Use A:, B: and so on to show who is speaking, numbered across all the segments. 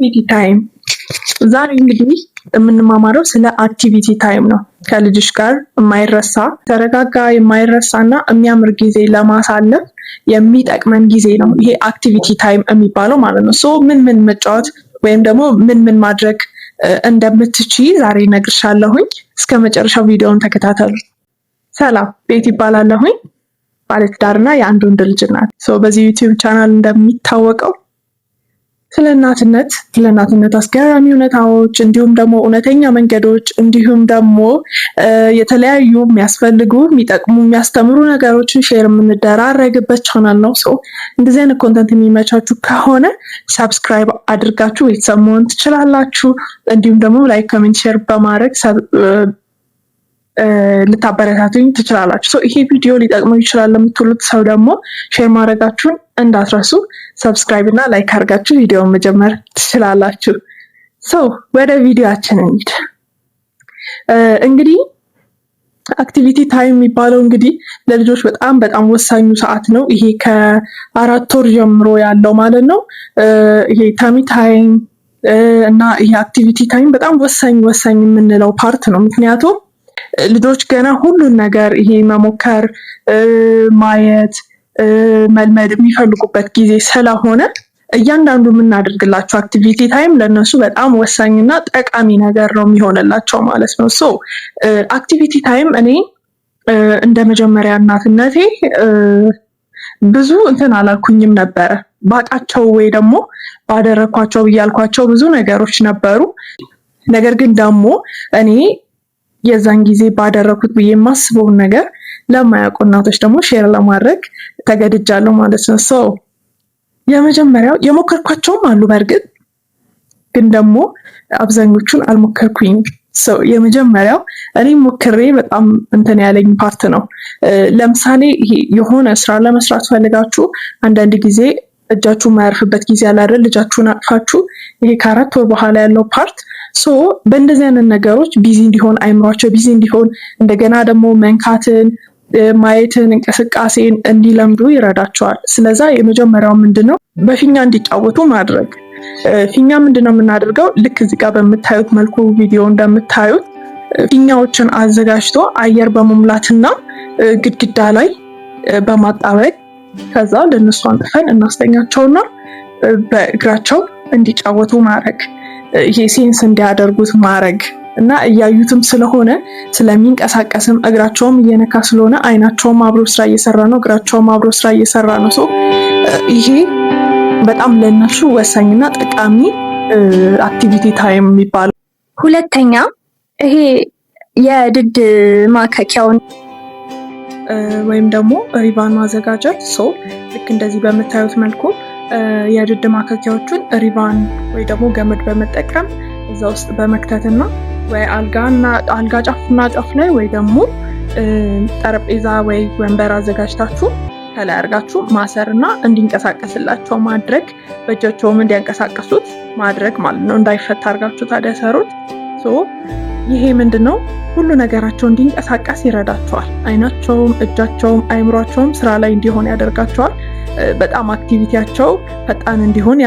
A: አክቲቪቲ ታይም ዛሬ እንግዲህ የምንማማረው ስለ አክቲቪቲ ታይም ነው። ከልጅሽ ጋር የማይረሳ ተረጋጋ የማይረሳ እና የሚያምር ጊዜ ለማሳለፍ የሚጠቅመን ጊዜ ነው ይሄ አክቲቪቲ ታይም የሚባለው ማለት ነው። ሶ ምን ምን መጫወት ወይም ደግሞ ምን ምን ማድረግ እንደምትች ዛሬ ነግርሻለሁኝ። እስከ መጨረሻው ቪዲዮውን ተከታተሉ። ሰላም ቤት ይባላለሁኝ። ባለትዳርና የአንድ ወንድ ልጅ ናት። በዚህ ዩቲዩብ ቻናል እንደሚታወቀው ስለ እናትነት ስለ እናትነት አስገራሚ እውነታዎች እንዲሁም ደግሞ እውነተኛ መንገዶች እንዲሁም ደግሞ የተለያዩ የሚያስፈልጉ የሚጠቅሙ የሚያስተምሩ ነገሮችን ሼር የምንደራረግበት ቻናል ነው። ሰው እንደዚህ አይነት ኮንተንት የሚመቻችሁ ከሆነ ሰብስክራይብ አድርጋችሁ ቤተሰብ መሆን ትችላላችሁ። እንዲሁም ደግሞ ላይክ፣ ኮሜንት፣ ሼር በማድረግ ልታበረታቱኝ ትችላላችሁ። ይሄ ቪዲዮ ሊጠቅመው ይችላል ለምትሉት ሰው ደግሞ ሼር ማድረጋችሁን እንዳትረሱ። ሰብስክራይብ እና ላይክ አድርጋችሁ ቪዲዮውን መጀመር ትችላላችሁ። ሰው ወደ ቪዲዮችን እንሂድ። እንግዲህ አክቲቪቲ ታይም የሚባለው እንግዲህ ለልጆች በጣም በጣም ወሳኙ ሰዓት ነው። ይሄ ከአራት ወር ጀምሮ ያለው ማለት ነው። ይሄ ታሚ ታይም እና ይሄ አክቲቪቲ ታይም በጣም ወሳኝ ወሳኝ የምንለው ፓርት ነው ምክንያቱም ልጆች ገና ሁሉን ነገር ይሄ መሞከር፣ ማየት፣ መልመድ የሚፈልጉበት ጊዜ ስለሆነ እያንዳንዱ የምናደርግላቸው አክቲቪቲ ታይም ለእነሱ በጣም ወሳኝና ጠቃሚ ነገር ነው የሚሆንላቸው ማለት ነው። ሶ አክቲቪቲ ታይም እኔ እንደ መጀመሪያ እናትነቴ ብዙ እንትን አላልኩኝም ነበረ ባቃቸው ወይ ደግሞ ባደረግኳቸው ብያልኳቸው ብዙ ነገሮች ነበሩ። ነገር ግን ደግሞ እኔ የዛን ጊዜ ባደረኩት ብዬ የማስበውን ነገር ለማያውቁ እናቶች ደግሞ ሼር ለማድረግ ተገድጃለሁ ማለት ነው። ሰው የመጀመሪያው የሞከርኳቸውም አሉ በእርግጥ ግን ደግሞ አብዛኞቹን አልሞከርኩኝ። ሰው የመጀመሪያው እኔ ሞክሬ በጣም እንትን ያለኝ ፓርት ነው። ለምሳሌ የሆነ ስራ ለመስራት ፈልጋችሁ አንዳንድ ጊዜ እጃችሁ የማያርፍበት ጊዜ አለ አይደል? ልጃችሁን አቅፋችሁ ይሄ ከአራት ወር በኋላ ያለው ፓርት ሶ በእንደዚህ አይነት ነገሮች ቢዚ እንዲሆን አይምሯቸው ቢዚ እንዲሆን እንደገና ደግሞ መንካትን ማየትን እንቅስቃሴን እንዲለምዱ ይረዳቸዋል። ስለዛ የመጀመሪያው ምንድን ነው በፊኛ እንዲጫወቱ ማድረግ። ፊኛ ምንድን ነው የምናደርገው? ልክ እዚህ ጋር በምታዩት መልኩ ቪዲዮ እንደምታዩት ፊኛዎችን አዘጋጅቶ አየር በመሙላትና ግድግዳ ላይ በማጣበቅ ከዛ ለእነሱ አንጥፈን እናስተኛቸውና በእግራቸው እንዲጫወቱ ማድረግ ይሄ ሴንስ እንዲያደርጉት ማድረግ እና እያዩትም ስለሆነ ስለሚንቀሳቀስም እግራቸውም እየነካ ስለሆነ አይናቸውም አብሮ ስራ እየሰራ ነው፣ እግራቸውም አብሮ ስራ እየሰራ ነው። ይሄ በጣም ለእነሱ ወሳኝና ጠቃሚ አክቲቪቲ ታይም የሚባለው።
B: ሁለተኛ ይሄ የድድ ማከኪያውን ወይም ደግሞ ሪባን ማዘጋጀት ሰው ልክ እንደዚህ በምታዩት መልኩ የድድ ማከኪያዎቹን ሪቫን ወይ ደግሞ ገመድ በመጠቀም እዛ ውስጥ በመክተትና ወይ አልጋ ጫፍና ጫፍ ላይ ወይ ደግሞ ጠረጴዛ ወይ ወንበር አዘጋጅታችሁ ከላይ አድርጋችሁ ማሰርና እንዲንቀሳቀስላቸው ማድረግ በእጃቸውም እንዲያንቀሳቀሱት ማድረግ ማለት ነው። እንዳይፈታ አድርጋችሁ ታዲያ ሰሩት። ይሄ ምንድን ነው? ሁሉ ነገራቸው እንዲንቀሳቀስ ይረዳቸዋል። አይናቸውም፣ እጃቸውም፣ አይምሯቸውም ስራ ላይ እንዲሆን ያደርጋቸዋል። በጣም አክቲቪቲያቸው ፈጣን እንዲሆን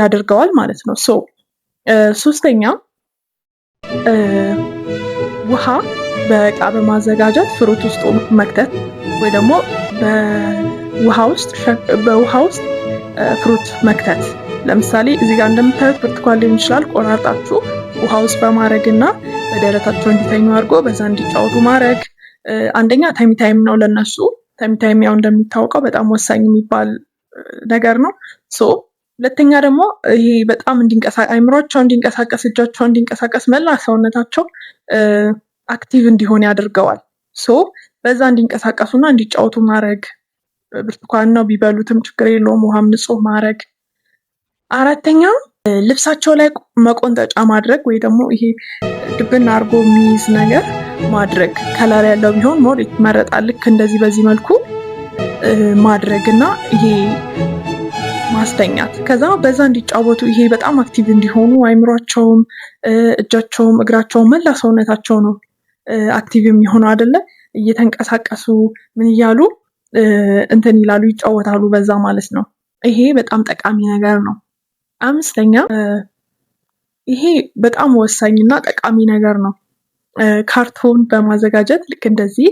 B: ያደርገዋል ማለት ነው። ሶ ሶስተኛ ውሃ በእቃ በማዘጋጀት ፍሩት ውስጥ መክተት ወይ ደግሞ በውሃ ውስጥ ፍሩት መክተት። ለምሳሌ እዚህ ጋር እንደምታዩት ብርቱካን ሊሆን ይችላል። ቆራርጣችሁ ውሃ ውስጥ በማድረግ እና በደረታቸው እንዲተኙ አድርጎ በዛ እንዲጫወቱ ማድረግ አንደኛ ታይም ታይም ነው ለነሱ ታይም ታይም ያው እንደሚታወቀው በጣም ወሳኝ የሚባል ነገር ነው። ሶ ሁለተኛ ደግሞ ይሄ በጣም አይምሯቸው እንዲንቀሳቀስ፣ እጃቸው እንዲንቀሳቀስ፣ መላ ሰውነታቸው አክቲቭ እንዲሆን ያደርገዋል። ሶ በዛ እንዲንቀሳቀሱና እንዲጫወቱ ማድረግ ብርቱካን ነው ቢበሉትም ችግር የለውም፣ ውሃም ንጹህ ማድረግ። አራተኛ ልብሳቸው ላይ መቆንጠጫ ማድረግ ወይ ደግሞ ይሄ ድብና አድርጎ የሚይዝ ነገር ማድረግ ከላይ ያለው ቢሆን ሞር ይመረጣል። ልክ እንደዚህ በዚህ መልኩ ማድረግ እና ይሄ ማስተኛት ከዛ በዛ እንዲጫወቱ ይሄ በጣም አክቲቭ እንዲሆኑ አይምሯቸውም፣ እጃቸውም፣ እግራቸውም መላ ሰውነታቸው ነው አክቲቭ የሚሆነው አይደለ? እየተንቀሳቀሱ ምን እያሉ እንትን ይላሉ ይጫወታሉ፣ በዛ ማለት ነው። ይሄ በጣም ጠቃሚ ነገር ነው። አምስተኛ ይሄ በጣም ወሳኝና ጠቃሚ ነገር ነው። ካርቶን በማዘጋጀት ልክ እንደዚህ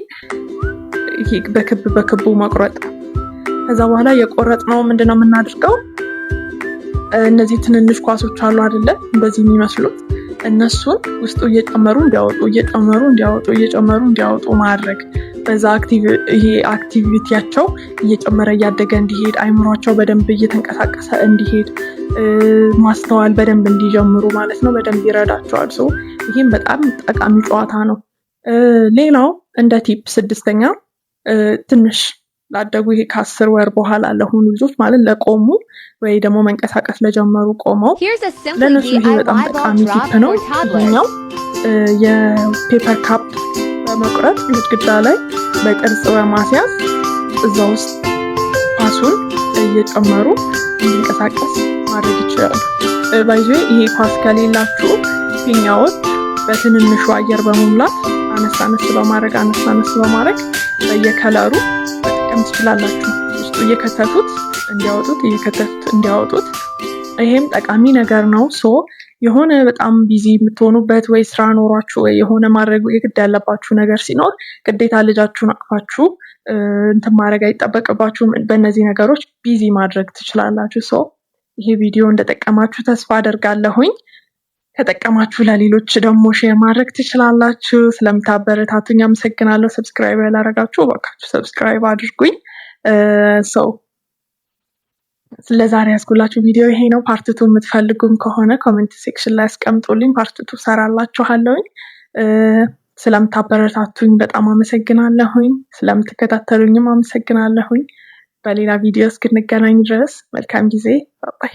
B: በክብ በክቡ መቁረጥ። ከዛ በኋላ የቆረጥ ነው ምንድነው የምናደርገው? እነዚህ ትንንሽ ኳሶች አሉ አደለ እንደዚህ የሚመስሉት እነሱን ውስጡ እየጨመሩ እንዲያወጡ እየጨመሩ እንዲያወጡ እየጨመሩ እንዲያወጡ ማድረግ። በዛ ይሄ አክቲቪቲያቸው እየጨመረ እያደገ እንዲሄድ አይምሯቸው በደንብ እየተንቀሳቀሰ እንዲሄድ ማስተዋል በደንብ እንዲጀምሩ ማለት ነው በደንብ ይረዳቸዋል። ሰው ይህም በጣም ጠቃሚ ጨዋታ ነው። ሌላው እንደ ቲፕ ስድስተኛ ትንሽ ላደጉ ይሄ ከአስር ወር በኋላ ለሆኑ ልጆች ማለት ለቆሙ ወይ ደግሞ መንቀሳቀስ ለጀመሩ ቆመው ለእነሱ ይሄ በጣም ጠቃሚ ቲፕ ነው። ኛው የፔፐር ካፕ በመቁረጥ ግድግዳ ላይ በቅርጽ በማስያዝ እዛ ውስጥ ፓሱን እየጨመሩ እንዲንቀሳቀስ ማድረግ ይችላሉ። ባይዞ uh, ይሄ ኳስ ከሌላችሁ ፊኛዎች በትንንሹ አየር በመሙላት አነስ አነስ በማድረግ አነስ አነስ በማድረግ በየከለሩ መጠቀም ትችላላችሁ። ውስጡ እየከተቱት እንዲያወጡት እየከተቱት እንዲያወጡት። ይሄም ጠቃሚ ነገር ነው። ሶ የሆነ በጣም ቢዚ የምትሆኑበት ወይ ስራ ኖሯችሁ ወይ የሆነ ማድረግ የግድ ያለባችሁ ነገር ሲኖር ግዴታ ልጃችሁን አቅፋችሁ እንትን ማድረግ አይጠበቅባችሁም። በእነዚህ ነገሮች ቢዚ ማድረግ ትችላላችሁ። ሶ ይሄ ቪዲዮ እንደጠቀማችሁ ተስፋ አደርጋለሁኝ። ከጠቀማችሁ ለሌሎች ደግሞ ሼር ማድረግ ትችላላችሁ። ስለምታበረታቱኝ አመሰግናለሁ። ሰብስክራይብ ያላረጋችሁ እባካችሁ ሰብስክራይብ አድርጉኝ። ሰው ለዛሬ ያስኩላችሁ ቪዲዮ ይሄ ነው። ፓርትቱ የምትፈልጉም ከሆነ ኮሜንት ሴክሽን ላይ ያስቀምጡልኝ፣ ፓርትቱ ሰራላችኋለሁኝ። ስለምታበረታቱኝ በጣም አመሰግናለሁኝ። ስለምትከታተሉኝም አመሰግናለሁኝ። በሌላ ቪዲዮ እስክንገናኝ ድረስ መልካም ጊዜ ባይ